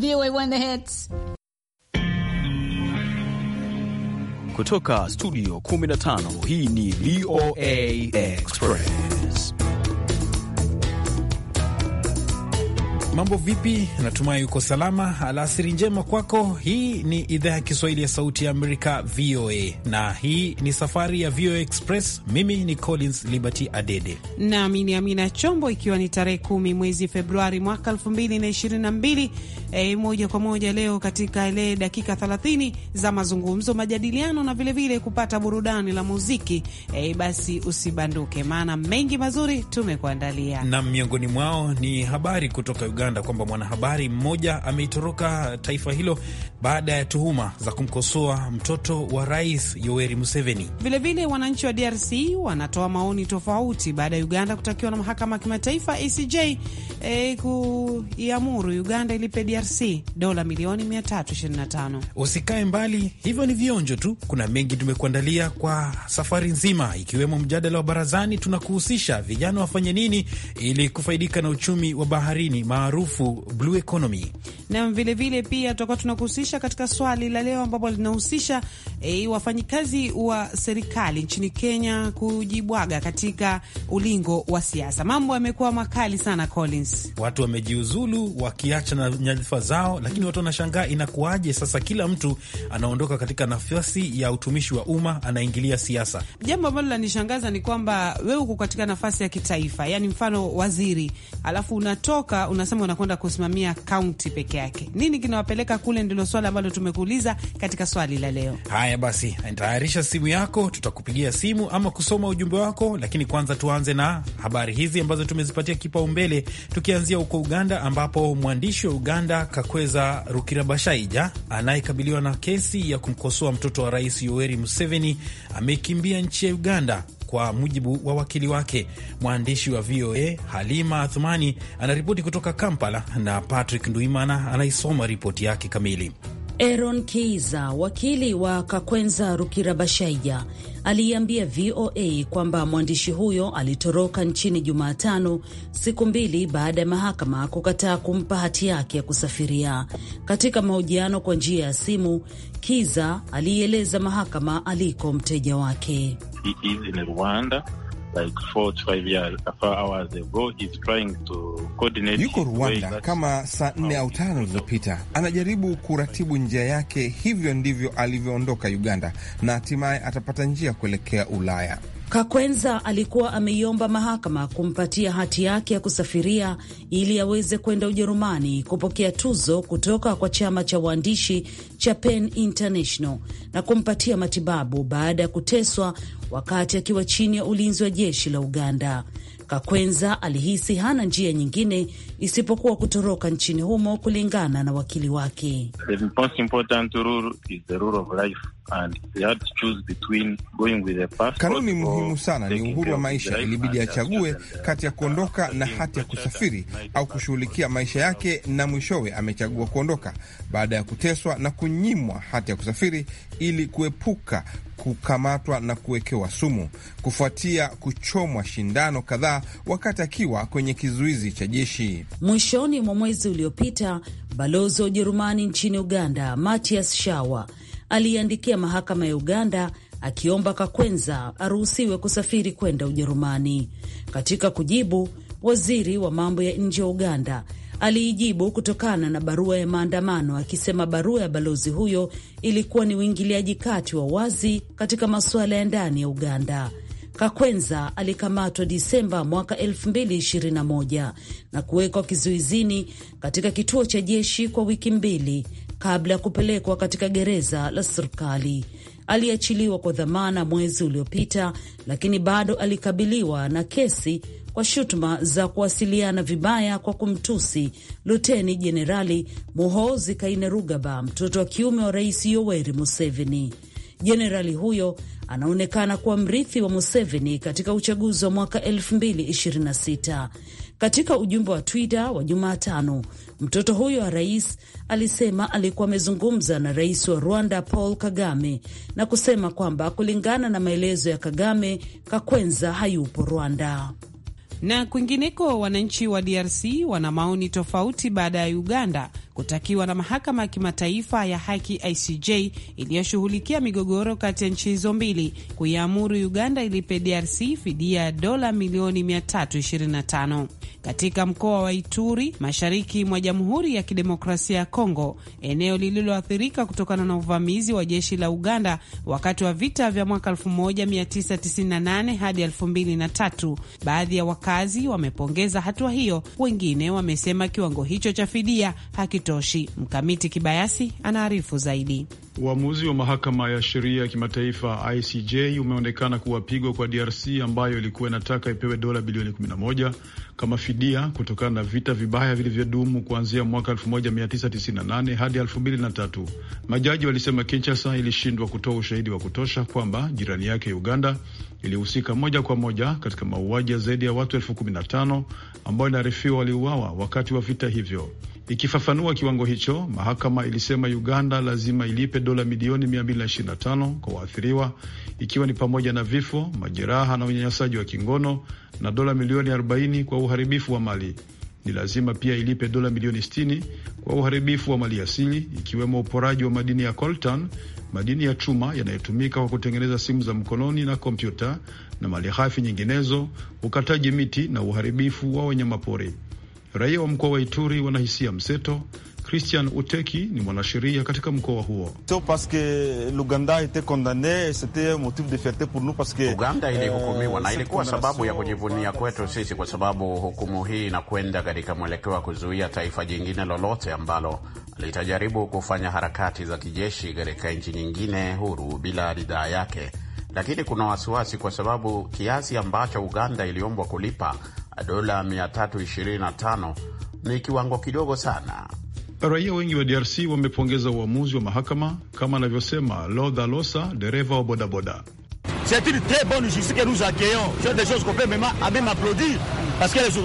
VOA One the Hits kutoka studio 15. Hii ni VOA Express. Mambo vipi? Natumai uko salama. Alasiri njema kwako. Hii ni idhaa ya Kiswahili ya Sauti ya Amerika, VOA, na hii ni safari ya VOA Express. Mimi ni Collins Liberty Adede nami ni Amina Chombo, ikiwa ni tarehe kumi mwezi Februari mwaka 2022 e, moja kwa moja leo katika ile dakika 30 za mazungumzo, majadiliano na vilevile vile kupata burudani la muziki e, basi usibanduke, maana mengi mazuri tumekuandalia, na miongoni mwao ni habari kutoka Uganda kwamba mwanahabari mmoja ameitoroka taifa hilo baada ya tuhuma za kumkosoa mtoto wa rais Yoweri Museveni. Vilevile wananchi wa DRC wanatoa maoni tofauti baada ya Uganda kutakiwa na mahakama ya kimataifa ECJ e, kuiamuru Uganda ilipe DRC dola milioni 325. Usikae mbali, hivyo ni vionjo tu. Kuna mengi tumekuandalia kwa safari nzima, ikiwemo mjadala wa barazani. Tunakuhusisha vijana wafanye nini ili kufaidika na uchumi wa baharini maarufu blue economy, na vilevile pia tutakuwa tunakuhusisha katika swali la leo ambapo linahusisha e, wafanyikazi wa serikali nchini Kenya kujibwaga katika ulingo wa siasa. Mambo yamekuwa makali sana Collins rais. Watu wamejiuzulu wakiacha na nyadhifa zao, lakini watu wanashangaa inakuwaje sasa kila mtu anaondoka katika nafasi ya utumishi wa umma anaingilia siasa. Jambo ambalo lanishangaza ni kwamba wewe uko katika nafasi ya kitaifa, yani mfano waziri, alafu unatoka unasema unakwenda kusimamia kaunti peke yake. Nini kinawapeleka kule? Ndilo swala ambalo tumekuuliza katika swali la leo. Haya basi, tayarisha simu yako, tutakupigia simu ama kusoma ujumbe wako, lakini kwanza tuanze na habari hizi ambazo tumezipatia kipaumbele tukianzia huko Uganda ambapo mwandishi wa Uganda Kakweza Rukirabashaija anayekabiliwa na kesi ya kumkosoa mtoto wa rais Yoweri Museveni amekimbia nchi ya Uganda kwa mujibu wa wakili wake. Mwandishi wa VOA Halima Athumani anaripoti kutoka Kampala na Patrick Nduimana anaisoma ripoti yake kamili. Aaron Keiza, wakili wa Kakwenza Rukirabashaija, aliiambia VOA kwamba mwandishi huyo alitoroka nchini Jumatano, siku mbili baada ya mahakama kukataa kumpa hati yake ya kusafiria. Katika mahojiano kwa njia ya simu, Kiza aliieleza mahakama aliko mteja wake. Hizi ni Rwanda like four to five years, four hours ago, trying to coordinate. Yuko Rwanda kama saa nne au tano zilizopita, anajaribu kuratibu njia yake. Hivyo ndivyo alivyoondoka Uganda na hatimaye atapata njia kuelekea Ulaya. Kakwenza alikuwa ameiomba mahakama kumpatia hati yake ya kusafiria ili aweze kwenda Ujerumani kupokea tuzo kutoka kwa chama cha waandishi cha PEN International na kumpatia matibabu baada ya kuteswa wakati akiwa chini ya ulinzi wa jeshi la Uganda. Kakwenza alihisi hana njia nyingine isipokuwa kutoroka nchini humo, kulingana na wakili wake. The most important rule is the rule of life. Kanuni muhimu sana ni uhuru wa maisha. Ilibidi achague kati ya kuondoka na hati ya kusafiri au kushughulikia maisha yake, na mwishowe amechagua kuondoka baada ya kuteswa na kunyimwa hati ya kusafiri ili kuepuka kukamatwa na kuwekewa sumu kufuatia kuchomwa shindano kadhaa wakati akiwa kwenye kizuizi cha jeshi. Mwishoni mwa mwezi uliopita, balozi wa Ujerumani nchini Uganda Matias Shawa aliyeandikia mahakama ya Uganda akiomba Kakwenza aruhusiwe kusafiri kwenda Ujerumani. Katika kujibu, waziri wa mambo ya nje wa Uganda aliijibu kutokana na barua ya maandamano akisema barua ya balozi huyo ilikuwa ni uingiliaji kati wa wazi katika masuala ya ndani ya Uganda. Kakwenza alikamatwa Disemba mwaka 2021 na kuwekwa kizuizini katika kituo cha jeshi kwa wiki mbili kabla ya kupelekwa katika gereza la serikali. Aliachiliwa kwa dhamana mwezi uliopita, lakini bado alikabiliwa na kesi kwa shutuma za kuwasiliana vibaya kwa kumtusi Luteni Jenerali Muhoozi Kainerugaba, mtoto wa kiume wa Rais Yoweri Museveni. Jenerali huyo anaonekana kuwa mrithi wa Museveni katika uchaguzi wa mwaka 2026. Katika ujumbe wa Twitter wa Jumatano, mtoto huyo wa rais alisema alikuwa amezungumza na rais wa Rwanda Paul Kagame na kusema kwamba kulingana na maelezo ya Kagame, Kakwenza hayupo Rwanda. Na kwingineko, wananchi wa DRC wana maoni tofauti baada ya Uganda kutakiwa na mahakama ya kimataifa ya haki ICJ iliyoshughulikia migogoro kati ya nchi hizo mbili kuiamuru Uganda ilipe DRC fidia ya dola milioni 325 katika mkoa wa Ituri, mashariki mwa Jamhuri ya Kidemokrasia ya Kongo, eneo lililoathirika kutokana na uvamizi wa jeshi la Uganda wakati wa vita vya mwaka 1998 hadi 2003. Baadhi ya wakazi wamepongeza hatua hiyo, wengine wamesema kiwango hicho cha fidia hakitoshi. Mkamiti Kibayasi anaarifu zaidi. Uamuzi wa mahakama ya sheria ya kimataifa ICJ umeonekana kuwa pigo kwa DRC ambayo ilikuwa inataka ipewe dola bilioni 11 kama fidia kutokana na vita vibaya vilivyodumu kuanzia mwaka 1998 hadi 2003. Majaji walisema Kinshasa ilishindwa kutoa ushahidi wa kutosha kwamba jirani yake Uganda ilihusika moja kwa moja katika mauaji ya zaidi ya watu elfu ambao inaarifiwa waliuawa wakati wa vita hivyo. Ikifafanua kiwango hicho, mahakama ilisema Uganda lazima ilipe dola milioni 225 kwa waathiriwa, ikiwa ni pamoja na vifo, majeraha na unyanyasaji wa kingono na dola milioni 40 kwa uharibifu wa mali. Ni lazima pia ilipe dola milioni 60 kwa uharibifu wa mali asili, ikiwemo uporaji wa madini ya coltan, madini ya chuma yanayotumika kwa kutengeneza simu za mkononi na kompyuta, na mali ghafi nyinginezo, ukataji miti na uharibifu wa wanyamapori. Raia wa mkoa wa Ituri wanahisia mseto. Christian Uteki ni mwanasheria katika mkoa huo. Uganda euh, ilihukumiwa na ilikuwa sababu ya kujivunia kwetu sisi, kwa sababu hukumu hii inakwenda katika mwelekeo wa kuzuia taifa jingine lolote ambalo litajaribu kufanya harakati za kijeshi katika nchi nyingine huru bila ridhaa yake. Lakini kuna wasiwasi kwa sababu kiasi ambacho Uganda iliombwa kulipa dola 325 ni kiwango kidogo sana. Raia wengi wa DRC wamepongeza uamuzi wa mahakama, kama anavyosema Lodha Losa, dereva wa bodaboda.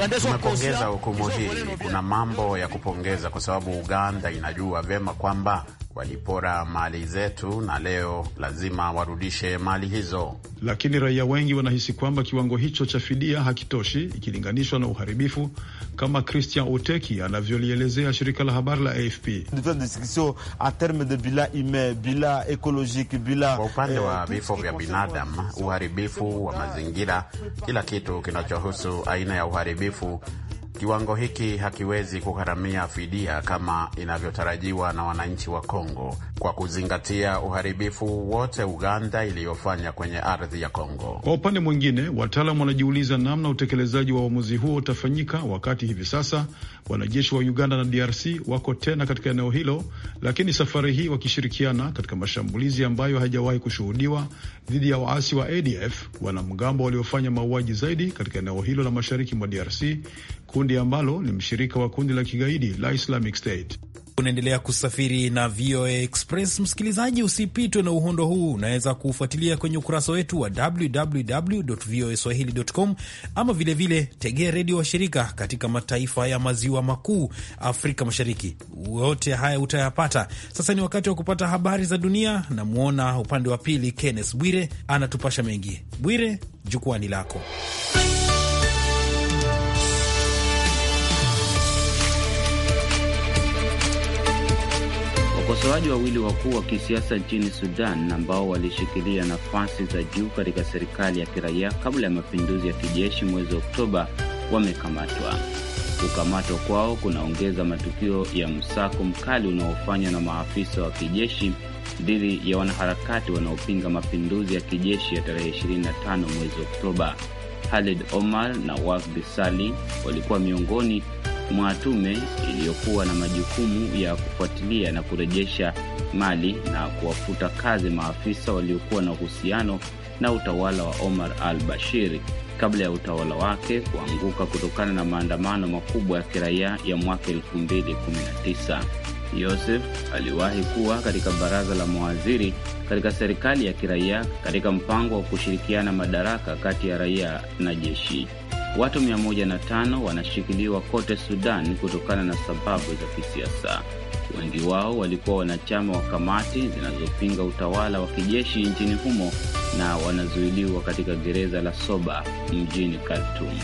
Tumepongeza hukumu hii. Kuna mambo ya kupongeza kwa sababu Uganda inajua vyema kwamba walipora mali zetu na leo lazima warudishe mali hizo. Lakini raia wengi wanahisi kwamba kiwango hicho cha fidia hakitoshi ikilinganishwa na uharibifu, kama Christian Oteki anavyolielezea shirika la habari la AFP. Kwa upande wa euh, vifo vya binadamu, uharibifu wa mazingira, kila kitu kinachohusu aina ya uharibifu Kiwango hiki hakiwezi kugharamia fidia kama inavyotarajiwa na wananchi wa Kongo kwa kuzingatia uharibifu wote Uganda iliyofanya kwenye ardhi ya Kongo. Kwa upande mwingine, wataalamu wanajiuliza namna utekelezaji wa uamuzi huo utafanyika wakati hivi sasa wanajeshi wa Uganda na DRC wako tena katika eneo hilo, lakini safari hii wakishirikiana katika mashambulizi ambayo hajawahi kushuhudiwa dhidi ya waasi wa ADF, wanamgambo waliofanya mauaji zaidi katika eneo hilo la mashariki mwa DRC kundi ambalo ni mshirika wa kundi la kigaidi la Islamic State. Unaendelea kusafiri na VOA Express. Msikilizaji, usipitwe na uhondo huu. Unaweza kuufuatilia kwenye ukurasa wetu wa www voa swahili.com, ama vilevile tegea redio wa shirika katika mataifa ya maziwa makuu, Afrika Mashariki. Yote haya utayapata. Sasa ni wakati wa kupata habari za dunia. Namwona upande wa pili Kenneth Bwire anatupasha mengi. Bwire, jukwani lako. Wakosoaji wawili wakuu wa kisiasa nchini Sudan ambao walishikilia nafasi za juu katika serikali ya kiraia kabla ya mapinduzi ya kijeshi mwezi Oktoba wamekamatwa. Kukamatwa kwao kunaongeza matukio ya msako mkali unaofanywa na maafisa wa kijeshi dhidi ya wanaharakati wanaopinga mapinduzi ya kijeshi ya tarehe 25 mwezi Oktoba. Khalid Omar na Wafdi Sali walikuwa miongoni mwa tume iliyokuwa na majukumu ya kufuatilia na kurejesha mali na kuwafuta kazi maafisa waliokuwa na uhusiano na utawala wa Omar al-Bashir kabla ya utawala wake kuanguka kutokana na maandamano makubwa ya kiraia ya mwaka 2019. Yosef aliwahi kuwa katika baraza la mawaziri katika serikali ya kiraia katika mpango wa kushirikiana madaraka kati ya raia na jeshi. Watu 105 wanashikiliwa kote Sudan kutokana na sababu za kisiasa. Wengi wao walikuwa wanachama wa kamati zinazopinga utawala wa kijeshi nchini humo na wanazuiliwa katika gereza la Soba mjini Khartoum.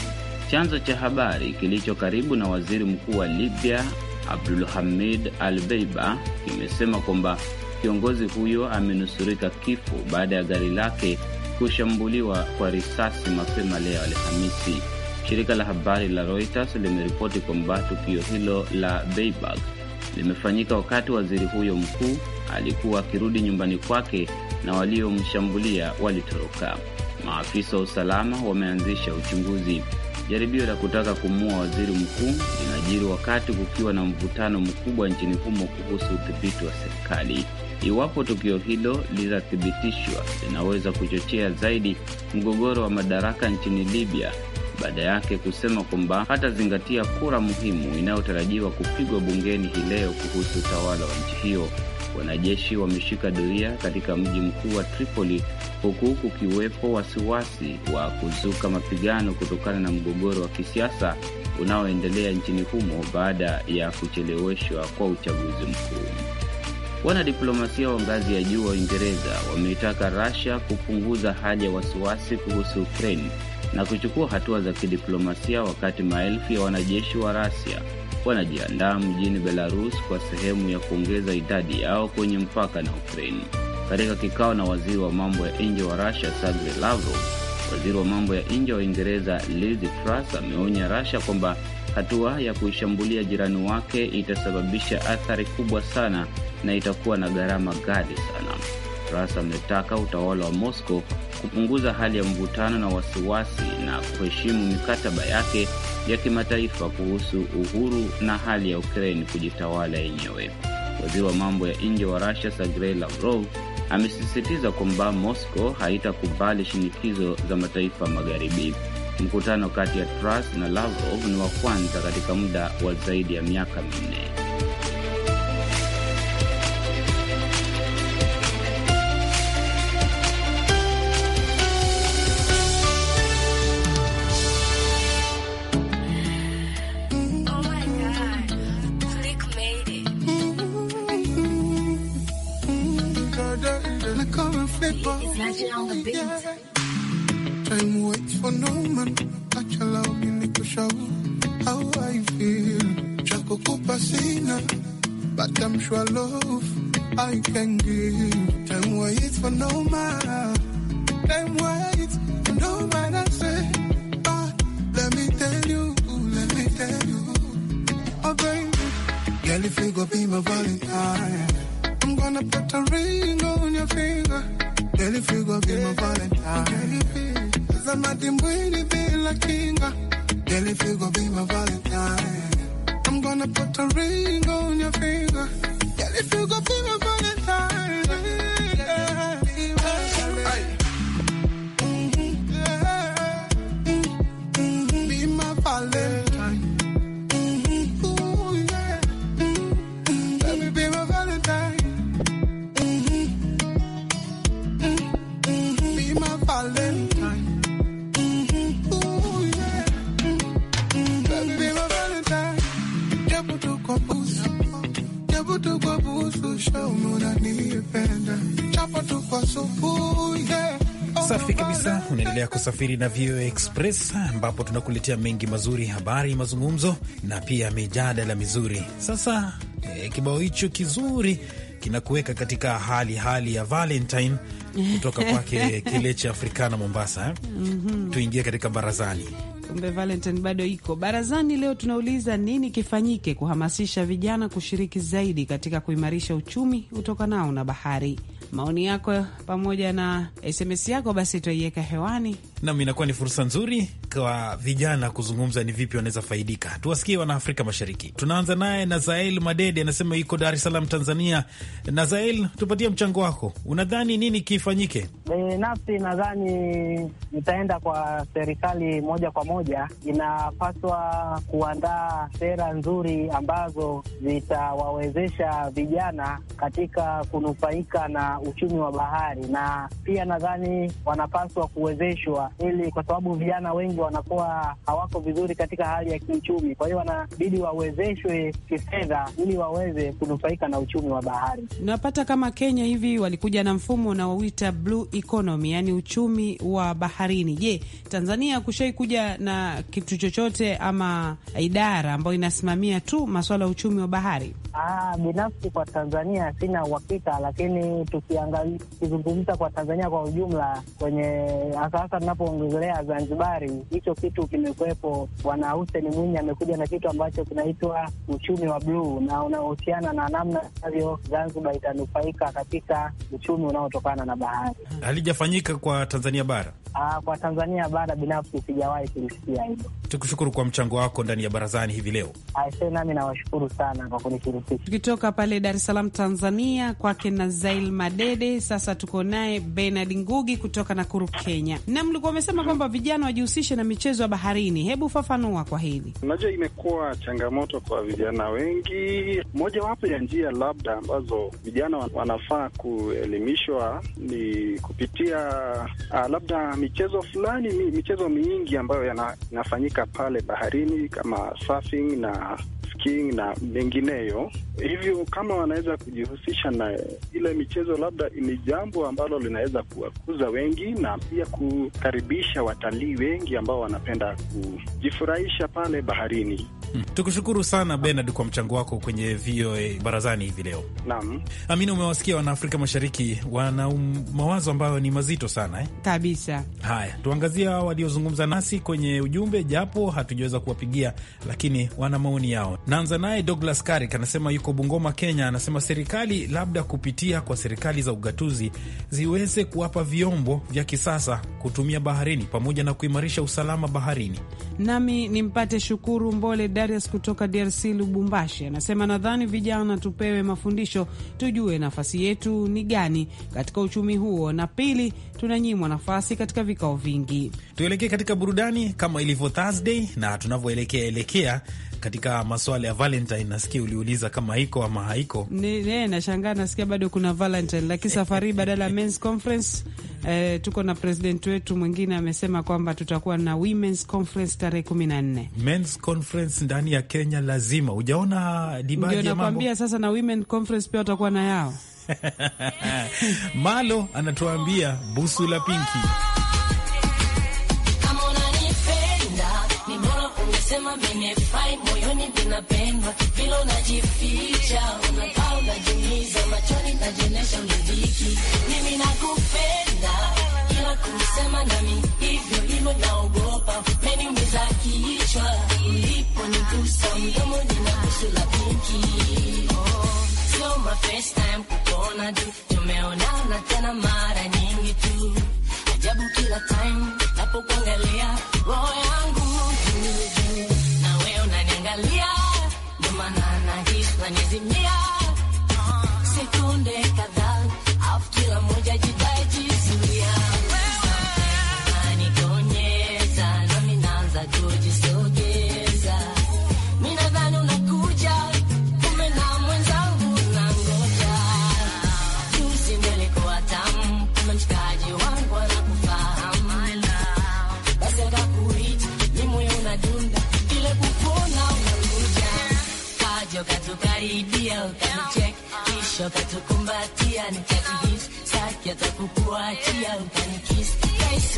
Chanzo cha habari kilicho karibu na waziri mkuu wa Libya Abdulhamid Al Beiba kimesema kwamba kiongozi huyo amenusurika kifo baada ya gari lake kushambuliwa kwa risasi mapema leo Alhamisi. Shirika la habari la Reuters limeripoti kwamba tukio hilo la Beiburg limefanyika wakati waziri huyo mkuu alikuwa akirudi nyumbani kwake na waliomshambulia walitoroka. Maafisa wa usalama wameanzisha uchunguzi. Jaribio la kutaka kumuua waziri mkuu linajiri wakati kukiwa na mvutano mkubwa nchini humo kuhusu udhibiti wa serikali. Iwapo tukio hilo litathibitishwa, linaweza kuchochea zaidi mgogoro wa madaraka nchini Libya baada yake kusema kwamba hatazingatia kura muhimu inayotarajiwa kupigwa bungeni hii leo kuhusu utawala wa nchi hiyo. Wanajeshi wameshika doria katika mji mkuu wa Tripoli huku kukiwepo wasiwasi wa kuzuka mapigano kutokana na mgogoro wa kisiasa unaoendelea nchini humo baada ya kucheleweshwa kwa uchaguzi mkuu. Wanadiplomasia wa ngazi ya juu wa Uingereza wameitaka Rasia kupunguza haja ya wasiwasi kuhusu Ukraine na kuchukua hatua za kidiplomasia, wakati maelfu ya wanajeshi wa Rasia wanajiandaa mjini Belarus kwa sehemu ya kuongeza idadi yao kwenye mpaka na Ukraini. Katika kikao na waziri wa mambo ya nje wa Rasia Sergey Lavrov, waziri wa mambo ya nje wa Uingereza Liz Truss ameonya Rasha kwamba hatua ya kuishambulia jirani wake itasababisha athari kubwa sana na itakuwa na gharama ghali sana. Truss ametaka utawala wa Moscow kupunguza hali ya mvutano na wasiwasi na kuheshimu mikataba yake ya kimataifa kuhusu uhuru na hali ya Ukraine kujitawala yenyewe. Waziri wa mambo ya nje wa Russia Sergei Lavrov amesisitiza kwamba Moscow haitakubali shinikizo za mataifa magharibi. Mkutano kati ya Truss na Lavrov ni wa kwanza katika muda wa zaidi ya miaka minne. Time waits for no man. Touch a love in the show. How I feel. Chaco Copacina. But I'm sure love I can give. Time waits for no man. Time waits for no man. I say, but ah, let me tell you, let me tell you. Oh, baby. Girl, if you go be my Valentine, I'm gonna put a ring on your finger Girl, if you go be my Valentine. Girl, if you, cause I'm not in really bila kinga. Girl, if you go be my Valentine. I'm gonna put a ring on your finger. Girl, if you go be my kusafiri na VOA Express ambapo tunakuletea mengi mazuri, habari, mazungumzo na pia mijadala mizuri. Sasa eh, kibao hicho kizuri kinakuweka katika hali hali ya Valentine kutoka kwake kile cha Afrikana Mombasa eh? mm -hmm. Tuingie katika barazani. Kumbe Valentine bado iko barazani. Leo tunauliza nini kifanyike kuhamasisha vijana kushiriki zaidi katika kuimarisha uchumi utokanao na bahari. Maoni yako pamoja na SMS yako basi tuaiweka hewani nam inakuwa ni fursa nzuri kwa vijana kuzungumza ni vipi wanaweza faidika. Tuwasikie wanaafrika Mashariki. Tunaanza naye Nazael Madede, anasema yuko Dar es Salaam, Tanzania. Nazael, tupatie mchango wako, unadhani nini kifanyike? E, nafsi nadhani nitaenda kwa serikali moja kwa moja, inapaswa kuandaa sera nzuri ambazo zitawawezesha vijana katika kunufaika na uchumi wa bahari, na pia nadhani wanapaswa kuwezeshwa ili kwa sababu vijana wengi wanakuwa hawako vizuri katika hali ya kiuchumi, kwa hiyo wanabidi wawezeshwe kifedha ili waweze kunufaika na uchumi wa bahari. Napata kama Kenya hivi walikuja na mfumo unaoita blue economy, yani uchumi wa baharini. Je, Tanzania kushai kuja na kitu chochote ama idara ambayo inasimamia tu masuala ya uchumi wa bahari? Aa, ah, binafsi kwa Tanzania sina uhakika, lakini tukiangalia, tukizungumza kwa Tanzania kwa ujumla kwenye hasahasa ongezelea Zanzibari, hicho kitu kimekuwepo. Bwana Hussein Mwinyi amekuja na kitu ambacho kinaitwa uchumi wa bluu na unaohusiana na namna ambavyo Zanzibar itanufaika katika uchumi unaotokana na bahari. Halijafanyika kwa Tanzania bara? Aa, ah, kwa Tanzania bara binafsi sijawahi kulisikia hilo tukushukuru kwa mchango wako ndani ya barazani hivi leo. Aise, nami nawashukuru sana kwa kunishirikisha. Tukitoka pale Dar es Salaam Tanzania, kwake Nazail Madede. Sasa tuko naye Benard Ngugi kutoka Nakuru, Kenya. Na mlikuwa amesema kwamba vijana wajihusishe na michezo ya baharini, hebu fafanua kwa hili. Unajua, imekuwa changamoto kwa vijana wengi. Mojawapo ya njia labda ambazo vijana wanafaa kuelimishwa ni kupitia uh, labda michezo fulani, michezo mingi ambayo yanafanyika kutumika pale baharini kama surfing na skiing na mengineyo. Hivyo kama wanaweza kujihusisha na ile michezo, labda ni jambo ambalo linaweza kuwakuza wengi na pia kukaribisha watalii wengi ambao wanapenda kujifurahisha pale baharini. Tukushukuru sana Bernard kwa mchango wako kwenye VOA barazani hivi leo. Naam, Amina, umewasikia Wanaafrika Mashariki wana um, mawazo ambayo ni mazito sana eh? Kabisa. Haya, tuangazie hao waliozungumza nasi kwenye ujumbe, japo hatujaweza kuwapigia, lakini wana maoni yao. Naanza naye Douglas Karik, anasema yuko Bungoma, Kenya. Anasema serikali labda kupitia kwa serikali za ugatuzi ziweze kuwapa vyombo vya kisasa kutumia baharini pamoja na kuimarisha usalama baharini. Nami nimpate Shukuru Mbole Darius kutoka DRC, Lubumbashi, anasema nadhani vijana tupewe mafundisho, tujue nafasi yetu ni gani katika uchumi huo, na pili, tunanyimwa nafasi katika vikao vingi. Tuelekee katika burudani kama ilivyo Thursday na tunavyoelekea elekea katika maswala ya Valentine, nasikia uliuliza kama iko ama haiko. Nashangaa, nasikia bado kuna Valentine, lakini safari badala ya men's conference eh, tuko na president wetu mwingine amesema kwamba tutakuwa na women's conference tarehe kumi na nne men's conference ndani ya Kenya lazima. Ujaona dibaji ya mambo sasa, na women conference pia watakuwa na yao Malo anatuambia busu la pinki nimefurahi moyoni vinapendwa vila unajificha unakaa unajiumiza machoni najenesha ulidhiki mimi nakupenda ila kusema nami hivyo hivyo naogopa umeniumiza kichwa uliponigusa mdomo lina la pinki sio my first time kukuona tu tumeonana tena mara nyingi tu ajabu kila time napokuangalia roho kukaribia ukanicheki, kisha saki atakukuachia,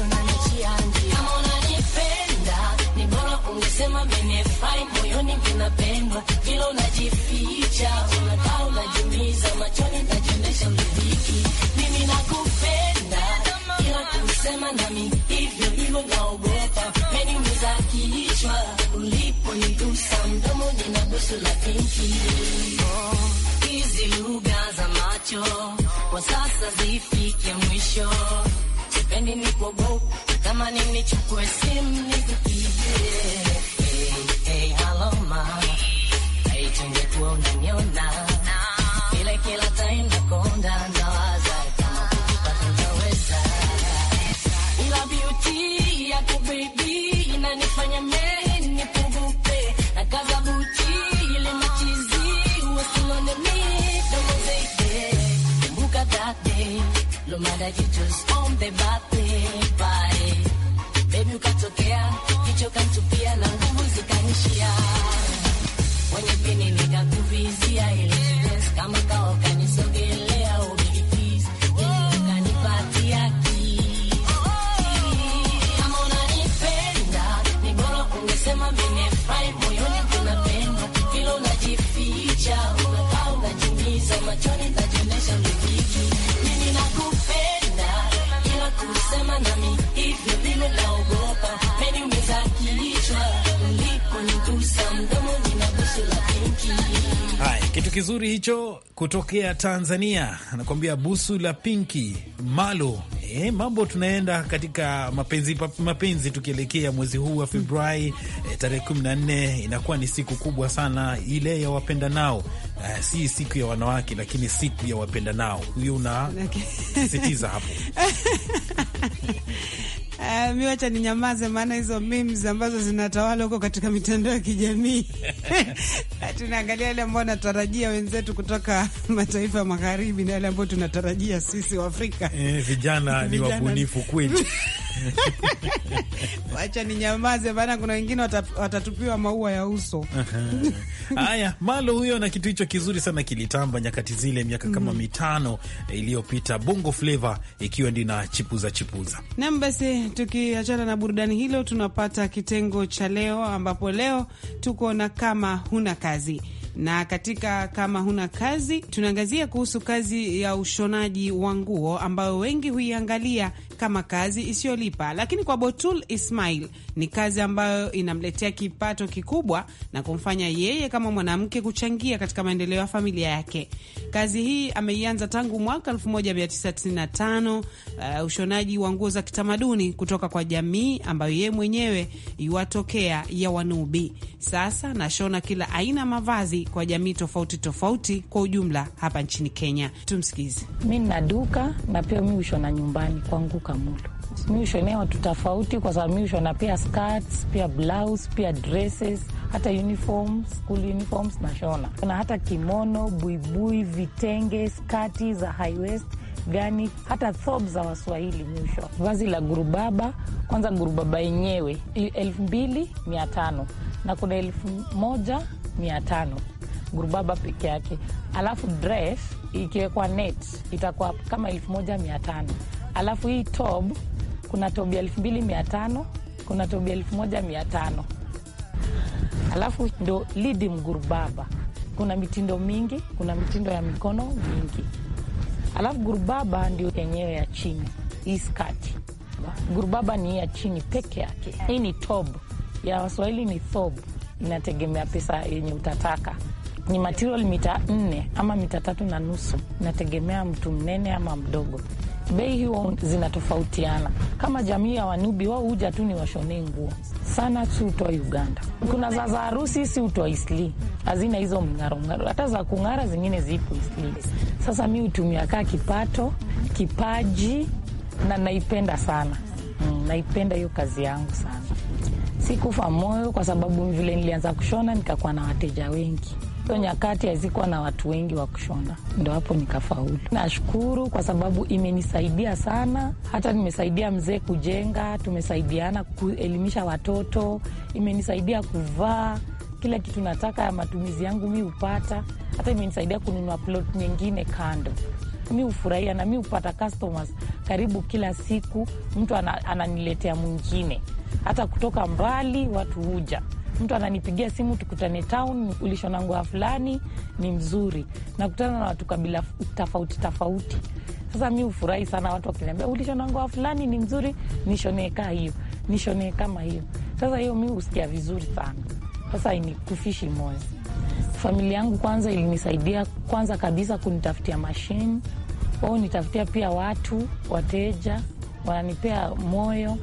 unanichia njia. Kama unanipenda ni bora ungesema moyoni vile unajificha, unakaa unajumiza, machoni mziki, mimi nakupenda kusema nami hivyo hivyo naogopa, Oh, hizi lugha za macho kwa sasa zifikia mwisho. Sipendi nikuogope, natamani nichukue simu nikupigie. Hey, hey, halo ma, hey, tungekuwa unaniona Now that you, just on the back. kutokea Tanzania anakuambia busu la pinki malo. E, mambo tunaenda katika mapenzi mapenzi, tukielekea mwezi huu wa Februari e, tarehe 14 inakuwa ni siku kubwa sana ile ya wapenda nao. E, si siku ya wanawake lakini siku ya wapenda nao, huyo unasisitiza hapo Uh, mi wacha nyamaze, maana hizo memes ambazo zinatawala huko katika mitandao ya kijamii tunaangalia yale ambao anatarajia wenzetu kutoka mataifa ya magharibi na yale ambayo tunatarajia sisi Waafrika. Eh, vijana ni wabunifu kweli Wacha ni nyamaze bana, kuna wengine watatupiwa maua ya uso. Haya, Malo huyo na kitu hicho kizuri sana kilitamba nyakati zile, miaka kama mm mitano iliyopita, Bongo Flava ikiwa ndi na chipuza chipuza nam. Basi tukiachana na burudani hilo, tunapata kitengo cha leo, ambapo leo tuko na kama huna kazi na katika kama huna kazi tunaangazia kuhusu kazi ya ushonaji wa nguo ambayo wengi huiangalia kama kazi isiyolipa, lakini kwa Botul Ismail ni kazi ambayo inamletea kipato kikubwa na kumfanya yeye kama mwanamke kuchangia katika maendeleo ya familia yake. Kazi hii ameianza tangu mwaka 1995, uh, ushonaji wa nguo za kitamaduni kutoka kwa jamii ambayo yeye mwenyewe iwatokea ya Wanubi. Sasa nashona kila aina mavazi kwa jamii tofauti tofauti kwa ujumla hapa nchini Kenya. Tumsikize. Mi nina duka na pia mi nyumbani kwangu mtu. mutu. Misho eneo tofauti, kwa sababu misho na pia skirts, pia blouse, pia dresses, hata uniform, school uniforms nashona. Kuna hata kimono, buibui, vitenge, skati za high waist gani hata thob za Waswahili. Mwisho vazi la gurubaba, kwanza gurubaba yenyewe elfu mbili mia tano na kuna elfu moja mia tano gurubaba peke yake, alafu dress ikiwekwa net itakuwa kama elfu moja mia tano Alafu hii tob, kuna tobi elfu mbili mia tano kuna tobi elfu moja mia tano Alafu ndo lidi mgurubaba. Kuna mitindo mingi, kuna mitindo ya mikono mingi. Alafu gurubaba ndio yenyewe ya chini, hii skati. Gurubaba ni ya chini peke yake. Hii ni tob ya Waswahili, ni thob, inategemea pesa yenye utataka ni material mita nne ama mita tatu na nusu, inategemea mtu mnene ama mdogo bei huo zinatofautiana. Kama jamii ya Wanubi wao huja tu ni washonee nguo sana, si utoa Uganda. Kuna za za harusi si utoa Isli, hazina hizo mng'arong'aro, hata za kung'ara zingine zipo Isli. Sasa mi hutumia kaa kipato, kipaji na naipenda sana mm, naipenda hiyo kazi yangu sana. Sikufa moyo kwa sababu vile nilianza kushona nikakuwa na wateja wengi hiyo nyakati hazikuwa na watu wengi wa kushona, ndo hapo nikafaulu. Nashukuru kwa sababu imenisaidia sana, hata nimesaidia mzee kujenga, tumesaidiana kuelimisha watoto, imenisaidia kuvaa kila kitu nataka ya matumizi yangu mi hupata, hata imenisaidia kununua plot nyingine kando. Mi hufurahia na mi hupata customers karibu kila siku, mtu ananiletea ana mwingine, hata kutoka mbali watu huja mtu ananipigia simu tukutane town, ulishonangua wa fulani ni mzuri, nakutana na watu kabila tofauti tofauti. Sasa mi hufurahi sana watu wakiniambia ulishonangua fulani ni mzuri, nishonee kaa hiyo, nishonee kama hiyo. Sasa hiyo mi husikia vizuri sana. Sasa inikufishi moyo. Familia yangu kwanza ilinisaidia kwanza kabisa kunitafutia mashini au nitafutia pia watu wateja, wananipea moyo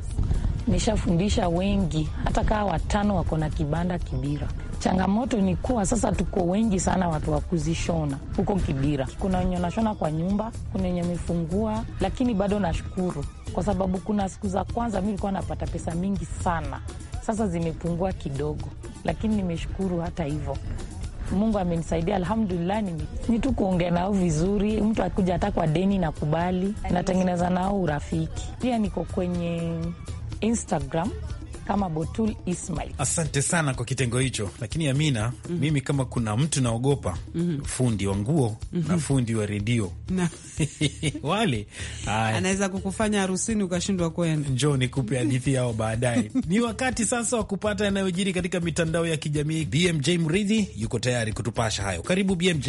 nishafundisha wengi, hata kaa watano wako na kibanda Kibira. Changamoto ni kuwa sasa tuko wengi sana watu wa kuzishona huko Kibira. Kuna wenye wanashona kwa nyumba, kuna wenye wamefungua, lakini bado nashukuru kwa sababu kuna siku za kwanza mi nilikuwa napata pesa mingi sana, sasa zimepungua kidogo, lakini nimeshukuru hata hivyo. Mungu amenisaidia alhamdulillah. Ni tu kuongea nao vizuri, mtu akuja hata kwa deni nakubali, natengeneza nao urafiki. Pia niko kwenye Instagram kama Botul Ismail. Asante sana kwa kitengo hicho, lakini Amina, mm -hmm. mimi kama kuna mtu naogopa mm -hmm. fundi wa nguo mm -hmm. na fundi wa redio wale anaweza kukufanya harusini ukashindwa kwenda. Njoo nikupe hadithi yao baadaye. Ni wakati sasa wa kupata yanayojiri katika mitandao ya kijamii. BMJ Mridhi yuko tayari kutupasha hayo. Karibu BMJ.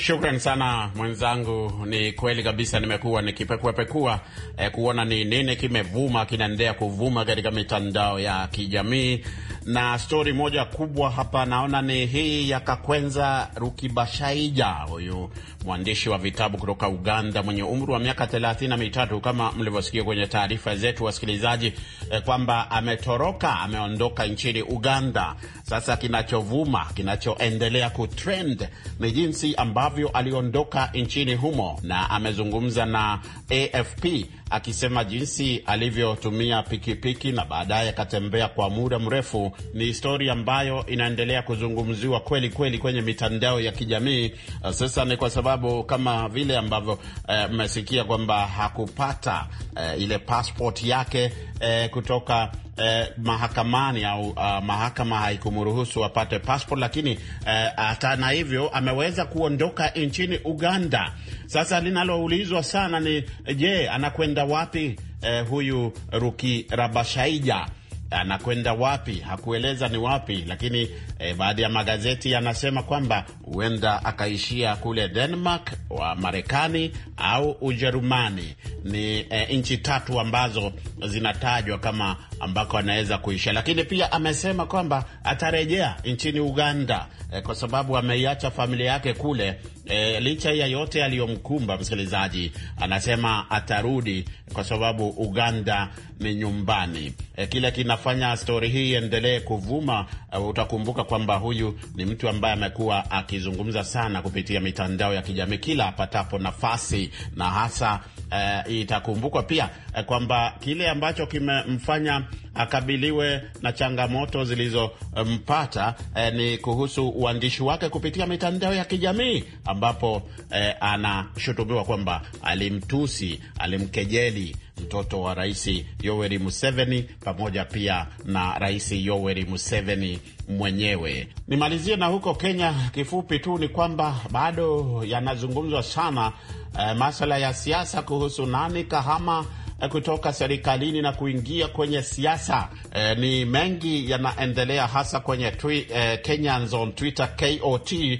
Shukran sana mwenzangu, ni kweli kabisa. Nimekuwa nikipekuapekua eh, kuona ni nini kimevuma, kinaendelea kuvuma katika mitandao ya kijamii, na stori moja kubwa hapa naona ni hii ya Kakwenza Rukibashaija, huyu mwandishi wa vitabu kutoka Uganda mwenye umri wa miaka thelathini na mitatu, kama mlivyosikia kwenye taarifa zetu wasikilizaji, eh, kwamba ametoroka, ameondoka nchini Uganda. Sasa kinachovuma, kinachoendelea kutrend ni jinsi ambavyo aliondoka nchini humo, na amezungumza na AFP akisema jinsi alivyotumia pikipiki na baadaye akatembea kwa muda mrefu. Ni historia ambayo inaendelea kuzungumziwa kweli kweli kwenye mitandao ya kijamii. Sasa ni kwa sababu sababu kama vile ambavyo eh, mmesikia eh, kwamba hakupata eh, ile passport yake eh, kutoka Eh, mahakamani au uh, mahakama haikumruhusu apate passport, lakini eh, hata eh, na hivyo ameweza kuondoka nchini Uganda. Sasa linaloulizwa sana ni je, anakwenda wapi eh, huyu Ruki Rabashaija anakwenda wapi hakueleza ni wapi, lakini eh, baadhi ya magazeti yanasema kwamba huenda akaishia kule Denmark wa Marekani au Ujerumani. Ni eh, nchi tatu ambazo zinatajwa kama ambako anaweza kuisha, lakini pia amesema kwamba atarejea nchini Uganda eh, kwa sababu ameiacha familia yake kule eh, licha ya yote aliyomkumba. Msikilizaji anasema atarudi kwa sababu Uganda ni nyumbani. Eh, kile kinafanya stori hii endelee kuvuma eh, utakumbuka kwamba huyu ni mtu ambaye amekuwa akizungumza sana kupitia mitandao ya kijamii kila apatapo nafasi na hasa eh, itakumbukwa pia eh, kwamba kile ambacho kimemfanya akabiliwe na changamoto zilizompata eh, ni kuhusu uandishi wake kupitia mitandao ya kijamii ambapo eh, anashutumiwa kwamba alimtusi, alimkejeli mtoto wa Rais Yoweri Museveni pamoja pia na Rais Yoweri Museveni mwenyewe. Nimalizie na huko Kenya, kifupi tu ni kwamba bado yanazungumzwa sana eh, maswala ya siasa kuhusu nani kahama Eh, kutoka serikalini na kuingia kwenye siasa. E, ni mengi yanaendelea hasa kwenye twi, e, Kenyans on Twitter KOT,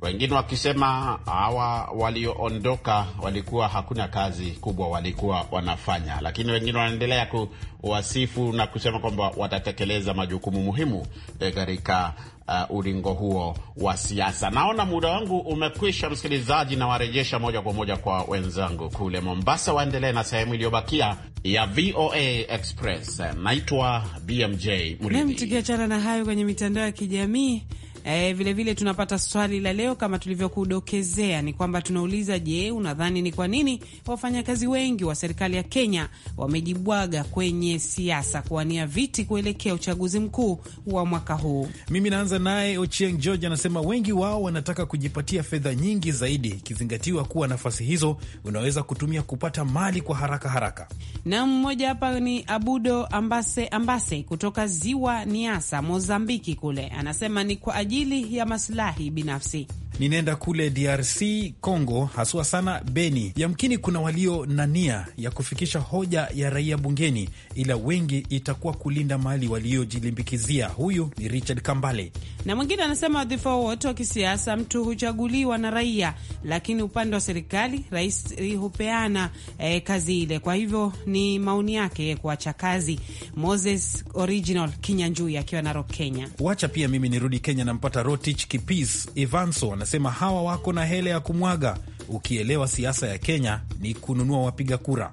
wengine wakisema hawa walioondoka walikuwa hakuna kazi kubwa walikuwa wanafanya, lakini wengine wanaendelea kuwasifu na kusema kwamba watatekeleza majukumu muhimu katika uh, ulingo huo wa siasa. Naona muda wangu umekwisha, msikilizaji, na warejesha moja kwa moja kwa wenzangu kule Mombasa waendelee na sehemu iliyobakia ya VOA Express. Naitwa BMJ Mridhi. Tukiachana na hayo kwenye mitandao ya kijamii vilevile vile vile tunapata swali la leo kama tulivyokudokezea, ni kwamba tunauliza, je, unadhani ni kwa nini wafanyakazi wengi wa serikali ya Kenya wamejibwaga kwenye siasa kuwania viti kuelekea uchaguzi mkuu wa mwaka huu? Mimi naanza naye Ochieng George, anasema wengi wao wanataka kujipatia fedha nyingi zaidi, ikizingatiwa kuwa nafasi hizo unaweza kutumia kupata mali kwa haraka haraka. Na mmoja hapa ni Abudo Ambase Ambase kutoka Ziwa Niasa, Mozambiki kule, anasema ni kwa ajili ajili ya maslahi binafsi ninaenda kule DRC Congo, haswa sana Beni. Yamkini kuna walio na nia ya kufikisha hoja ya raia bungeni, ila wengi itakuwa kulinda mali waliojilimbikizia. Huyu ni Richard Kambale. Na mwingine anasema wadhifa wowote wa kisiasa mtu huchaguliwa na raia, lakini upande wa serikali rais hupeana eh, kazi ile. Kwa hivyo ni maoni yake kuacha kazi. Moses Original Kinyanjui akiwa Narok, Kenya. Wacha pia mimi nirudi Kenya, nampata Rotich Kipis Evanso anasema hawa wako na hele ya kumwaga. Ukielewa siasa ya Kenya ni kununua wapiga kura.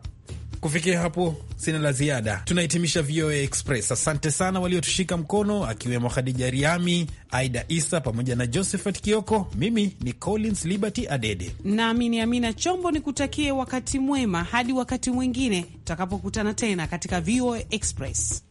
Kufikia hapo sina la ziada, tunahitimisha VOA Express. Asante sana waliotushika mkono, akiwemo Khadija Riami, Aida Isa pamoja na Josephat Kioko. Mimi ni Collins Liberty Adede nami ni Amina Chombo, nikutakie wakati mwema hadi wakati mwingine tutakapokutana tena katika VOA Express.